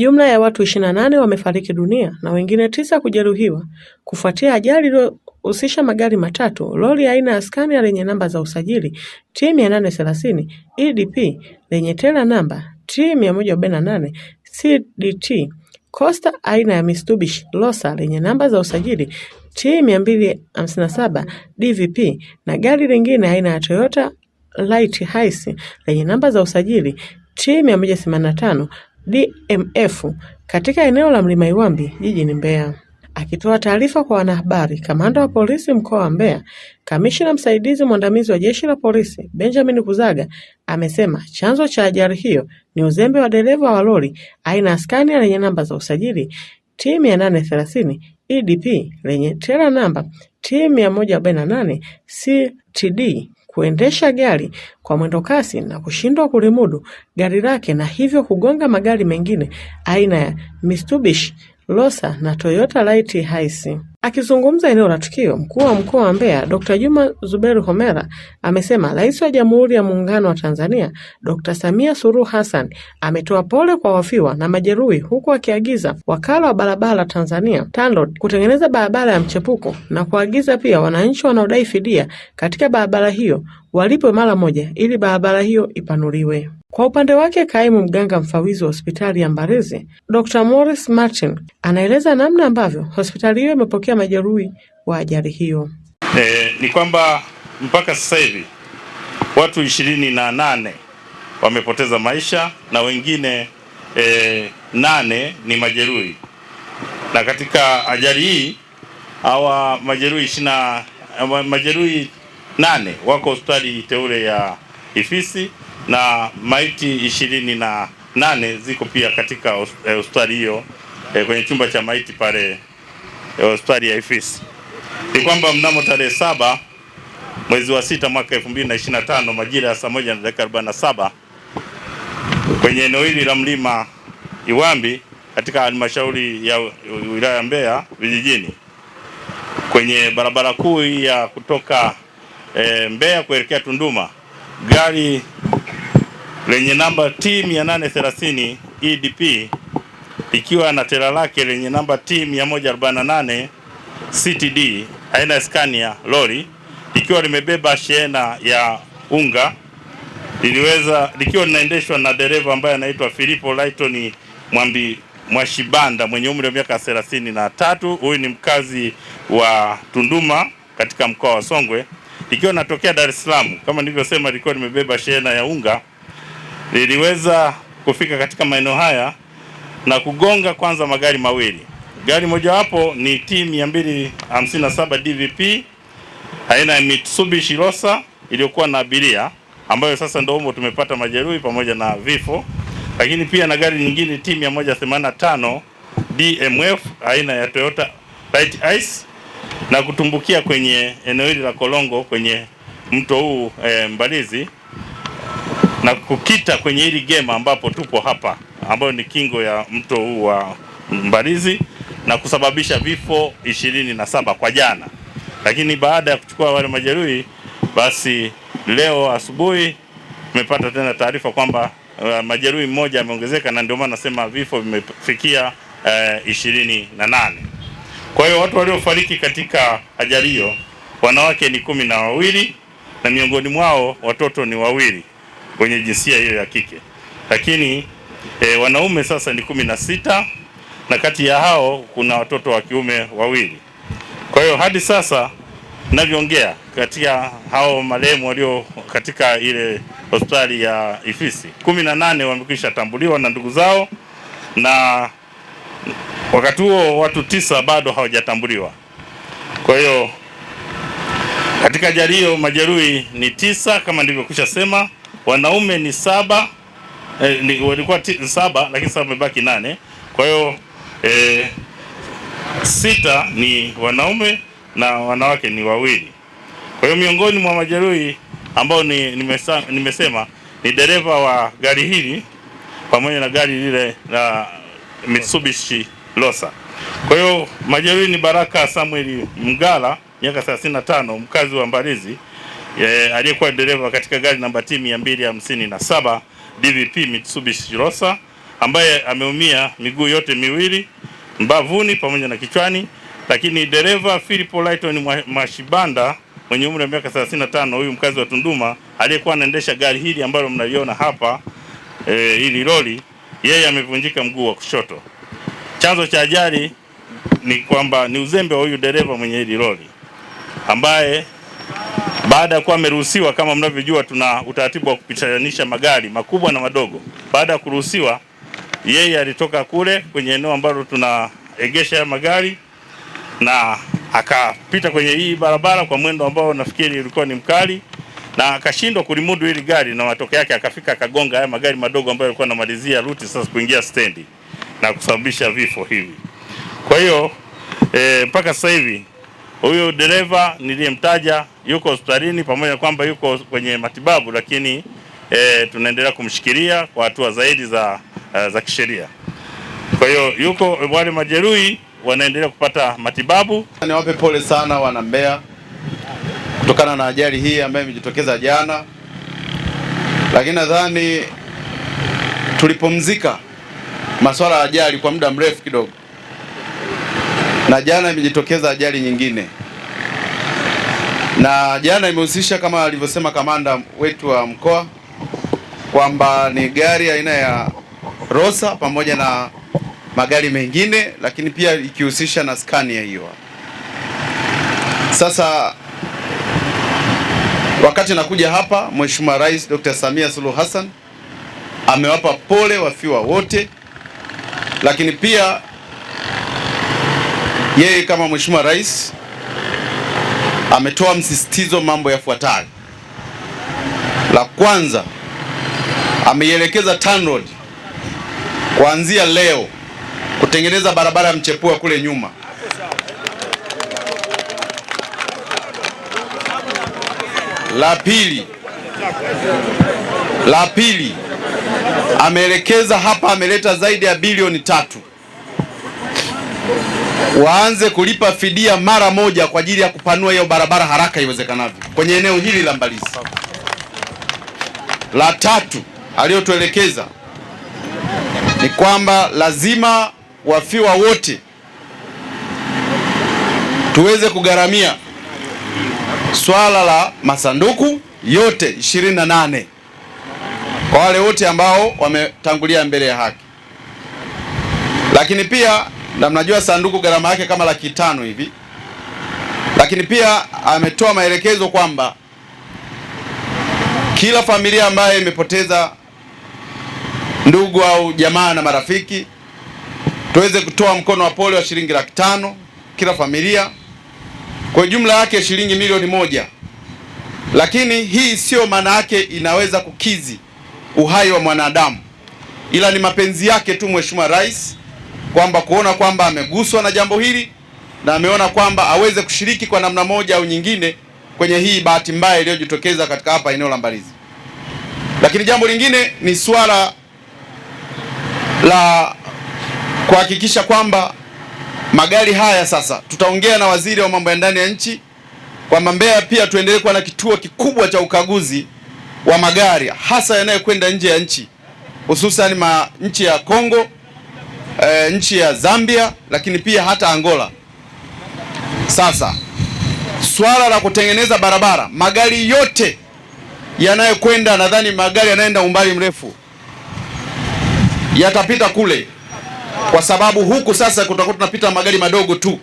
Jumla ya watu 28 wamefariki dunia na wengine tisa kujeruhiwa kufuatia ajali iliyohusisha magari matatu, lori aina ya Scania lenye namba za usajili T 830 EDP lenye tela namba T 148 CDT, Costa aina ya Mitsubishi Rosa lenye namba za usajili T 257 na DVP na gari lingine aina ya Toyota Light Hiace lenye namba za usajili T 185 DMF katika eneo la Mlima Iwambi jijini Mbeya. Akitoa taarifa kwa wanahabari, kamanda wa polisi mkoa wa Mbeya, kamishina msaidizi mwandamizi wa jeshi la polisi Benjamin Kuzaga amesema chanzo cha ajali hiyo ni uzembe wa dereva wa lori aina ya Scania lenye namba za usajili T 830 EDP lenye tera namba T 148 CTD kuendesha gari kwa mwendokasi na kushindwa kulimudu gari lake na hivyo kugonga magari mengine aina ya Mitsubishi Rosa na Toyota Light Hiace Akizungumza eneo la tukio Mkuu wa Mkoa wa Mbeya Dr. Juma Zuberi Homera amesema Rais wa Jamhuri ya Muungano wa Tanzania Dr. Samia Suluhu Hassan ametoa pole kwa wafiwa na majeruhi huku akiagiza Wakala wa Barabara Tanzania TANROADS kutengeneza barabara ya mchepuko na kuagiza pia wananchi wanaodai fidia katika barabara hiyo walipwe mara moja ili barabara hiyo ipanuliwe. Kwa upande wake kaimu mganga mfawizi wa hospitali ya Mbarezi Dr Morris Martin anaeleza namna ambavyo hospitali hiyo imepokea majeruhi wa ajali hiyo. E, ni kwamba mpaka sasa hivi watu ishirini na nane wamepoteza maisha na wengine e, nane ni majeruhi, na katika ajali hii hawa majeruhi ishirini eh, majeruhi nane wako hospitali teule ya Ifisi na maiti ishirini na nane ziko pia katika eh, hospitali hiyo e, kwenye chumba cha maiti pale eh, hospitali e, ya Ifisi. Ni kwamba mnamo tarehe saba mwezi wa sita mwaka 2025 majira ya saa moja na dakika 47 kwenye eneo hili la mlima Iwambi katika halmashauri ya wilaya ya Mbeya vijijini kwenye barabara kuu ya kutoka e, Mbeya kuelekea Tunduma gari lenye namba T 830 EDP likiwa na tela lake lenye namba T 148 CTD aina ya Scania lori likiwa limebeba shehena ya unga liliweza likiwa linaendeshwa na dereva ambaye anaitwa Filipo Lighton Mwambi Mwashibanda mwenye umri wa miaka thelathini na tatu. Huyu ni mkazi wa Tunduma katika mkoa wa Songwe, likiwa natokea Dar es Salaam. Kama nilivyosema, likiwa limebeba shehena ya unga liliweza kufika katika maeneo haya na kugonga kwanza magari mawili. Gari mojawapo ni T 257 DVP aina ya Mitsubishi Rosa iliyokuwa na abiria ambayo sasa ndio humo tumepata majeruhi pamoja na vifo, lakini pia na gari nyingine T 185 DMF aina ya Toyota Light Ice na kutumbukia kwenye eneo hili la Kolongo kwenye mto huu e, Mbalizi na kukita kwenye hili gema ambapo tupo hapa, ambayo ni kingo ya mto huu wa Mbalizi na kusababisha vifo ishirini na saba kwa jana, lakini baada ya kuchukua wale majeruhi, basi leo asubuhi tumepata tena taarifa kwamba uh, majeruhi mmoja ameongezeka, na ndio maana nasema vifo vimefikia uh, ishirini na nane. Kwa hiyo watu waliofariki katika ajali hiyo wanawake ni kumi na wawili na miongoni mwao watoto ni wawili wenye jinsia hiyo ya kike, lakini e, wanaume sasa ni kumi na sita na kati ya hao kuna watoto wa kiume wawili. Kwa hiyo hadi sasa navyoongea, kati ya hao marehemu walio katika ile hospitali ya Ifisi kumi na nane wamekwisha tambuliwa na ndugu zao, na wakati huo watu tisa bado hawajatambuliwa. Kwa hiyo katika ajali hiyo majeruhi ni tisa kama nilivyokwisha sema wanaume ni saba eh, ni, walikuwa saba lakini sasa wamebaki nane. Kwa hiyo eh, sita ni wanaume na wanawake ni wawili. Kwa hiyo miongoni mwa majeruhi ambao ni, nimesa, nimesema ni dereva wa gari hili pamoja na gari lile la Mitsubishi Losa. Kwa hiyo majeruhi ni Baraka Samuel Mgala miaka 35 mkazi wa Mbalizi aliyekuwa dereva katika gari namba T 257 DVP Mitsubishi Rosa ambaye ameumia miguu yote miwili mbavuni pamoja na kichwani, lakini dereva Philip Lighton Mashibanda mwenye umri wa miaka 35, huyu mkazi wa Tunduma aliyekuwa anaendesha gari hili ambalo mnaliona hapa e, hili lori, yeye amevunjika mguu wa kushoto. Chanzo cha ajali ni kwamba ni uzembe wa huyu dereva mwenye hili lori ambaye baada ya kuwa ameruhusiwa. Kama mnavyojua, tuna utaratibu wa kupitanisha magari makubwa na madogo. Baada ya kuruhusiwa, yeye alitoka kule kwenye eneo ambalo tunaegesha ya magari na akapita kwenye hii barabara kwa mwendo ambao nafikiri ulikuwa ni mkali, na akashindwa kulimudu hili gari, na matokeo yake akafika akagonga haya magari madogo ambayo yalikuwa yanamalizia ruti sasa kuingia stendi na kusababisha vifo hivi. Kwa hiyo e, mpaka sasa hivi Huyu dereva niliyemtaja yuko hospitalini, pamoja na kwamba yuko kwenye matibabu, lakini e, tunaendelea kumshikilia kwa hatua zaidi za, eh, za kisheria. Kwa hiyo yuko wale majeruhi wanaendelea kupata matibabu. Niwape pole sana wana Mbeya kutokana na ajali hii ambayo imejitokeza jana, lakini nadhani tulipumzika masuala ya ajali kwa muda mrefu kidogo na jana imejitokeza ajali nyingine, na jana imehusisha kama alivyosema kamanda wetu wa mkoa kwamba ni gari aina ya Rosa pamoja na magari mengine, lakini pia ikihusisha na Scania hiyo. Sasa wakati nakuja hapa, Mheshimiwa Rais Dr. Samia Suluhu Hassan amewapa pole wafiwa wote, lakini pia yeye kama Mheshimiwa Rais ametoa msisitizo mambo yafuatayo. La kwanza, ameielekeza TANROADS kuanzia leo kutengeneza barabara ya mchepua kule nyuma. La pili, la pili ameelekeza hapa, ameleta zaidi ya bilioni tatu waanze kulipa fidia mara moja kwa ajili ya kupanua hiyo barabara haraka iwezekanavyo kwenye eneo hili la Mbalizi. La tatu aliyotuelekeza ni kwamba lazima wafiwa wote tuweze kugharamia swala la masanduku yote 28 kwa wale wote ambao wametangulia mbele ya haki, lakini pia na mnajua sanduku gharama yake kama laki tano hivi, lakini pia ametoa maelekezo kwamba kila familia ambayo imepoteza ndugu au jamaa na marafiki tuweze kutoa mkono wa pole wa shilingi laki tano kila familia, kwa jumla yake shilingi milioni moja. Lakini hii sio maana yake inaweza kukizi uhai wa mwanadamu, ila ni mapenzi yake tu Mheshimiwa Rais kwamba kuona kwamba ameguswa na jambo hili na ameona kwamba aweze kushiriki kwa namna moja au nyingine kwenye hii bahati mbaya iliyojitokeza katika hapa eneo la Mbalizi. Lakini jambo lingine ni swala la kuhakikisha kwamba magari haya sasa, tutaongea na waziri wa mambo ya ndani ya nchi kwamba Mbeya pia tuendelee kuwa na kituo kikubwa cha ukaguzi wa magari hasa yanayokwenda nje ya nchi, hususan ma nchi ya Kongo e, nchi ya Zambia, lakini pia hata Angola. Sasa swala la kutengeneza barabara, magari yote yanayokwenda, nadhani magari yanaenda umbali mrefu yatapita kule, kwa sababu huku sasa kutakuwa tunapita magari madogo tu.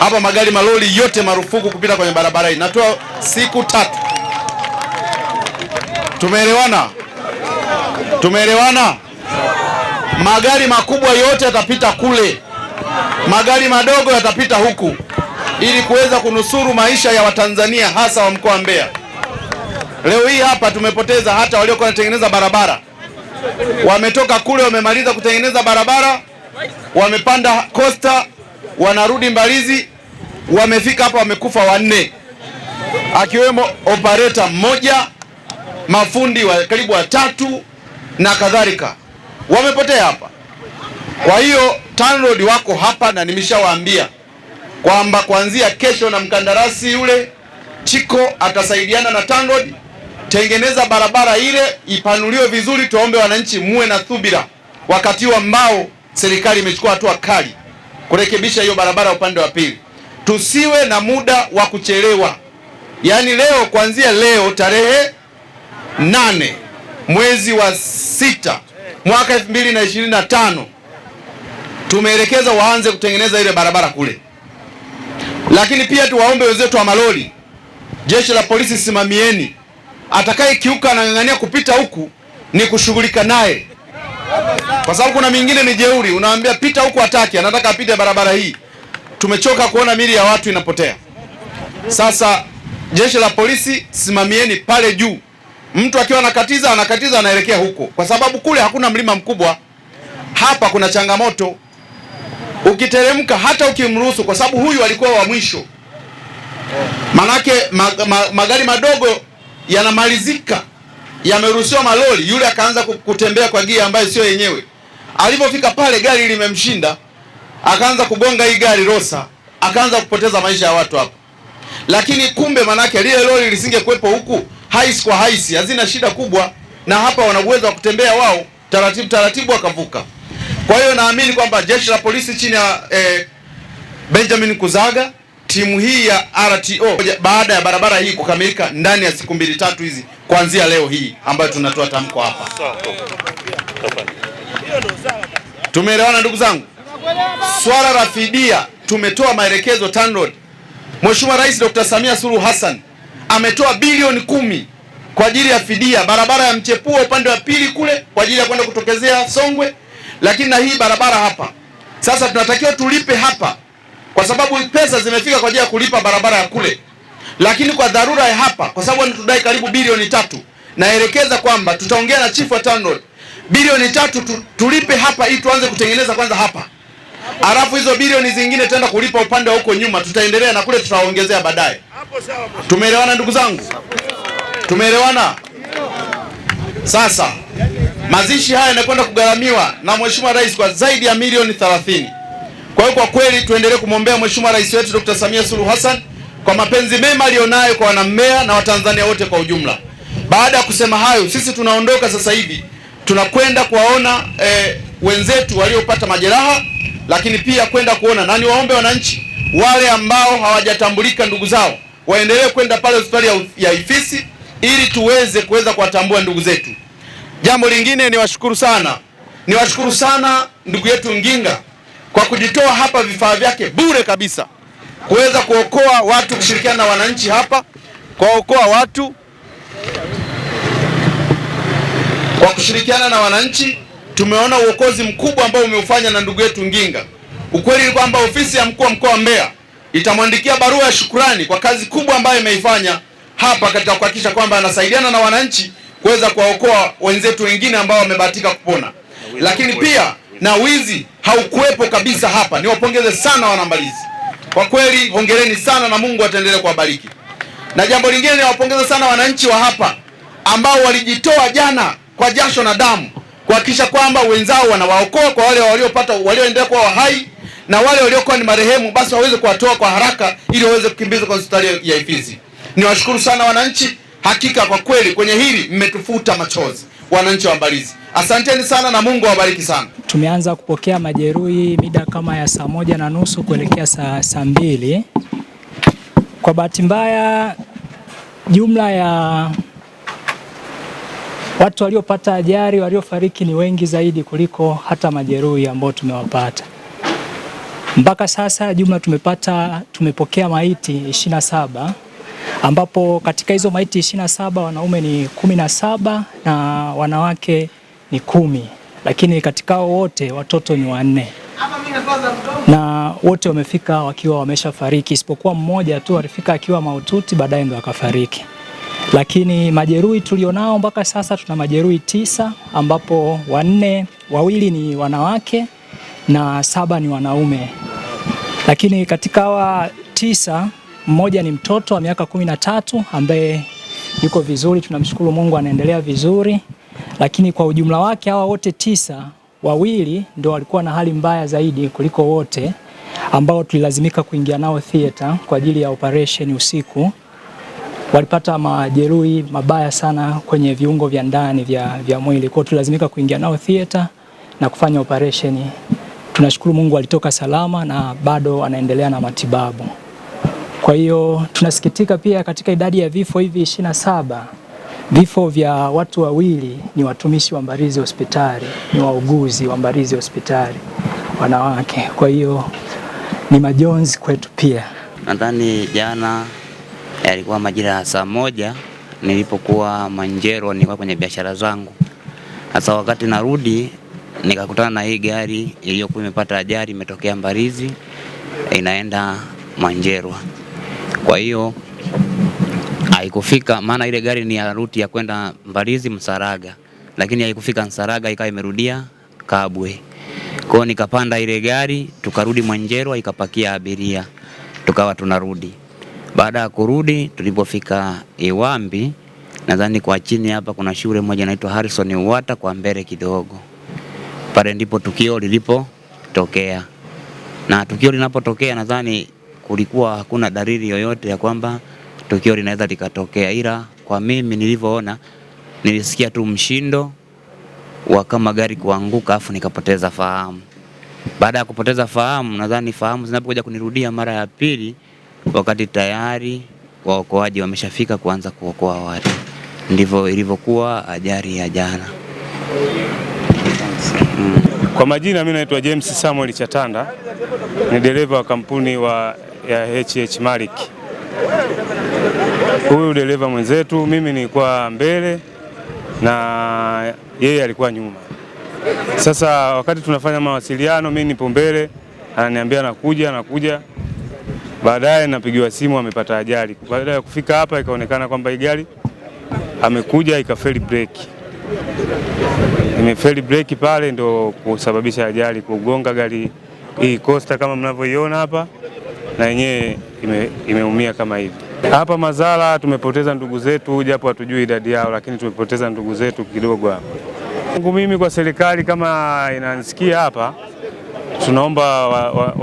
Hapa magari malori yote marufuku kupita kwenye barabara hii. Natoa siku tatu. Tumeelewana? Tumeelewana? Magari makubwa yote yatapita kule, magari madogo yatapita huku, ili kuweza kunusuru maisha ya Watanzania, hasa wa mkoa wa Mbeya. Leo hii hapa tumepoteza hata waliokuwa wanatengeneza barabara, wametoka kule, wamemaliza kutengeneza barabara, wamepanda kosta, wanarudi Mbalizi, wamefika hapa, wamekufa wanne, akiwemo opareta mmoja, mafundi wa karibu watatu na kadhalika wamepotea hapa. Kwa hiyo TANROADS wako hapa na nimeshawaambia kwamba kuanzia kesho na mkandarasi yule Chiko atasaidiana na TANROADS tengeneza barabara ile ipanuliwe vizuri. Tuombe wananchi muwe na thubira, wakati huu ambao serikali imechukua hatua kali kurekebisha hiyo barabara upande wa pili. Tusiwe na muda wa kuchelewa, yaani leo, kuanzia leo tarehe nane mwezi wa sita mwaka 2025 tumeelekeza waanze kutengeneza ile barabara kule, lakini pia tuwaombe wenzetu wa malori, jeshi la polisi, simamieni atakayekiuka anang'ang'ania kupita huku ni kushughulika naye, kwa sababu kuna mingine ni jeuri, unaambia pita huku, hataki, anataka apite barabara hii. Tumechoka kuona mili ya watu inapotea. Sasa jeshi la polisi, simamieni pale juu. Mtu akiwa anakatiza anakatiza anaelekea huko, kwa sababu kule hakuna mlima mkubwa. Hapa kuna changamoto, ukiteremka hata ukimruhusu, kwa sababu huyu alikuwa wa mwisho. Manake mag, mag, magari madogo yanamalizika, yameruhusiwa malori, yule akaanza kutembea kwa gia ambayo sio yenyewe. Alipofika pale gari limemshinda, akaanza kugonga hii gari Rosa, akaanza kupoteza maisha ya watu hapo. Lakini kumbe manake lile lori lisingekuwepo huku hais kwa hais, hazina shida kubwa, na hapa wana uwezo wa kutembea wao taratibu taratibu wakavuka. Kwa hiyo naamini kwamba jeshi la polisi chini ya eh, Benjamin Kuzaga timu hii ya RTO baada ya barabara hii kukamilika ndani ya siku mbili tatu hizi kuanzia leo hii ambayo tunatoa tamko hapa. Tumeelewana ndugu zangu? Swala la fidia tumetoa maelekezo TANROADS. Mheshimiwa Rais Dr. Samia Suluhu Hassan ametoa bilioni kumi kwa ajili ya fidia barabara ya mchepuo upande wa pili kule kwa ajili ya kwenda kutokezea Songwe, lakini na hii barabara hapa sasa tunatakiwa tulipe hapa, kwa sababu pesa zimefika kwa ajili ya kulipa barabara ya kule, lakini kwa dharura ya hapa, kwa sababu tunadai karibu bilioni tatu. Naelekeza kwamba tutaongea na chifu wa TANROADS bilioni tatu tu, tulipe hapa ili tuanze kutengeneza kwanza hapa, alafu hizo bilioni zingine tutaenda kulipa upande wa huko nyuma, tutaendelea na kule tutaongezea baadaye. Tumeelewana ndugu zangu, tumeelewana. Sasa mazishi haya yanakwenda kugharamiwa na Mheshimiwa Rais kwa zaidi ya milioni 30. Kwa hiyo kwa kweli tuendelee kumwombea Mheshimiwa Rais wetu Dr. Samia Suluhu Hassan kwa mapenzi mema aliyonayo kwa wanammea na Watanzania wote kwa ujumla. Baada ya kusema hayo, sisi tunaondoka sasa hivi tunakwenda kuwaona e, wenzetu waliopata majeraha, lakini pia kwenda kuona na niwaombe wananchi wale ambao hawajatambulika ndugu zao waendelee kwenda pale hospitali ya, ya Ifisi ili tuweze kuweza kuwatambua ndugu zetu. Jambo lingine niwashukuru sana, niwashukuru sana ndugu yetu Nginga kwa kujitoa hapa vifaa vyake bure kabisa kuweza kuokoa watu, kushirikiana na wananchi hapa kuwaokoa watu kwa kushirikiana na wananchi. Tumeona uokozi mkubwa ambao umeufanya na ndugu yetu Nginga. Ukweli ni kwamba ofisi ya mkuu wa mkoa wa Mbeya itamwandikia barua ya shukurani kwa kazi kubwa ambayo imeifanya hapa katika kuhakikisha kwamba anasaidiana na wananchi kuweza kuwaokoa wenzetu wengine ambao wamebahatika kupona. Lakini pia na wizi haukuwepo kabisa hapa. Niwapongeze sana wanambalizi, kwa kweli hongereni sana, na Mungu ataendelea kuwabariki. Na jambo lingine niwapongeze sana wananchi wa hapa ambao walijitoa jana kwa jasho na damu kuhakikisha kwamba wenzao wanawaokoa kwa wale waliopata walioendelea kuwa hai na wale waliokuwa ni marehemu basi waweze kuwatoa kwa haraka ili waweze kukimbizwa kwa hospitali ya Ifizi. Niwashukuru sana wananchi, hakika kwa kweli kwenye hili mmetufuta machozi, wananchi wa Mbalizi, asanteni sana na Mungu awabariki sana. Tumeanza kupokea majeruhi mida kama ya saa moja na nusu kuelekea saa, saa mbili. Kwa bahati mbaya jumla ya watu waliopata ajali waliofariki ni wengi zaidi kuliko hata majeruhi ambao tumewapata. Mpaka sasa jumla tumepata tumepokea maiti 27 ambapo katika hizo maiti 27 wanaume ni kumi na saba na wanawake ni kumi, lakini katika hao wote watoto ni wanne na wote wamefika wakiwa wameshafariki isipokuwa mmoja tu alifika akiwa mahututi, baadaye ndo akafariki. Lakini majeruhi tulionao mpaka sasa tuna majeruhi tisa ambapo wanne, wawili ni wanawake na saba ni wanaume, lakini katika hawa tisa mmoja ni mtoto wa miaka kumi na tatu ambaye yuko vizuri, tunamshukuru Mungu anaendelea vizuri. Lakini kwa ujumla wake hawa wote tisa, wawili ndio walikuwa na hali mbaya zaidi kuliko wote ambao tulilazimika kuingia nao theater kwa ajili ya operation usiku. Walipata majeruhi mabaya sana kwenye viungo vya ndani vya, vya mwili, kwa tulilazimika kuingia nao theater na kufanya operation. Tunashukuru Mungu alitoka salama na bado anaendelea na matibabu. Kwa hiyo tunasikitika pia katika idadi ya vifo hivi ishirini na saba vifo vya watu wawili ni watumishi wa Mbarizi hospitali, ni wauguzi wa Mbarizi hospitali wanawake. Kwa hiyo ni majonzi kwetu pia. Nadhani jana yalikuwa majira ya saa moja nilipokuwa Manjero, nilikuwa kwenye biashara zangu. hasa wakati narudi nikakutana na hii gari iliyokuwa imepata ajali, imetokea mbarizi inaenda Manjerwa. Kwa hiyo haikufika, maana ile gari ni ya ruti ya kwenda mbarizi Msaraga, lakini haikufika Msaraga, ikawa imerudia Kabwe. Kwa hiyo nikapanda ile gari tukarudi Mwanjerwa, ikapakia abiria, tukawa tunarudi. Baada ya kurudi, tulipofika Iwambi, nadhani kwa chini hapa kuna shule moja inaitwa Harrison Uwata, kwa mbele kidogo pale ndipo tukio lilipotokea, na tukio linapotokea, nadhani kulikuwa hakuna dalili yoyote ya kwamba tukio linaweza likatokea, ila kwa mimi nilivyoona, nilisikia tu mshindo wa kama gari kuanguka, afu nikapoteza fahamu. Baada ya kupoteza fahamu, nadhani fahamu zinapokuja kunirudia mara ya pili, wakati tayari waokoaji wameshafika kuanza kuokoa watu. Ndivyo ilivyokuwa ajali ya jana. Kwa majina mimi naitwa James Samuel Chatanda, ni dereva wa kampuni wa ya HH Malik. Huyu dereva mwenzetu, mimi nilikuwa mbele na yeye alikuwa nyuma. Sasa wakati tunafanya mawasiliano, mimi nipo mbele, ananiambia nakuja, nakuja. Baadaye napigiwa simu, amepata ajali. Baada ya kufika hapa, ikaonekana kwamba gari amekuja, ikafeli breki imefeli breki pale ndo kusababisha ajali kugonga gari hii Costa kama mnavyoiona hapa, na yenyewe imeumia kama hivi. Hapa Mazara tumepoteza ndugu zetu, japo hatujui idadi yao, lakini tumepoteza ndugu zetu kidogo hapa. Mungu mimi kwa serikali kama inanisikia hapa, tunaomba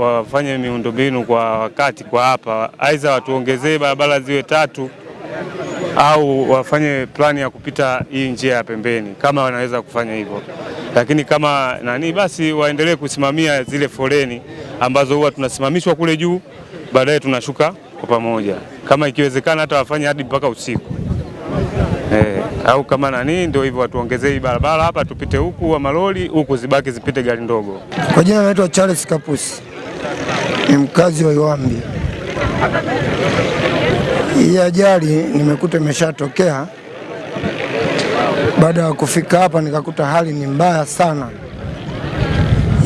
wafanye wa, wa miundombinu kwa wakati kwa hapa, aidha watuongezee barabara ziwe tatu au wafanye plani ya kupita hii njia ya pembeni, kama wanaweza kufanya hivyo. Lakini kama nani, basi waendelee kusimamia zile foleni ambazo huwa tunasimamishwa kule juu, baadaye tunashuka kwa pamoja. Kama ikiwezekana, hata wafanye hadi mpaka usiku eh, au kama nani, ndio hivyo, watuongezee hii barabara hapa, tupite huku wa maloli huku, zibaki zipite gari ndogo. Kwa jina naitwa Charles Kapusi, ni mkazi wa Iwambi. Hii ajali nimekuta imeshatokea baada ya kufika hapa nikakuta hali ni mbaya sana,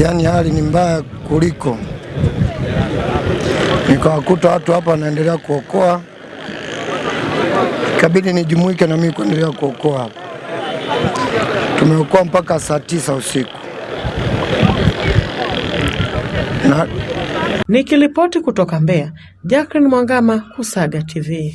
yaani hali ni mbaya kuliko. Nikawakuta watu hapa wanaendelea kuokoa, ikabidi nijumuike na mimi kuendelea kuokoa hapa. Tumeokoa mpaka saa tisa usiku na nikilipoti kutoka Mbeya. Jacqueline Mwangama Kusaga TV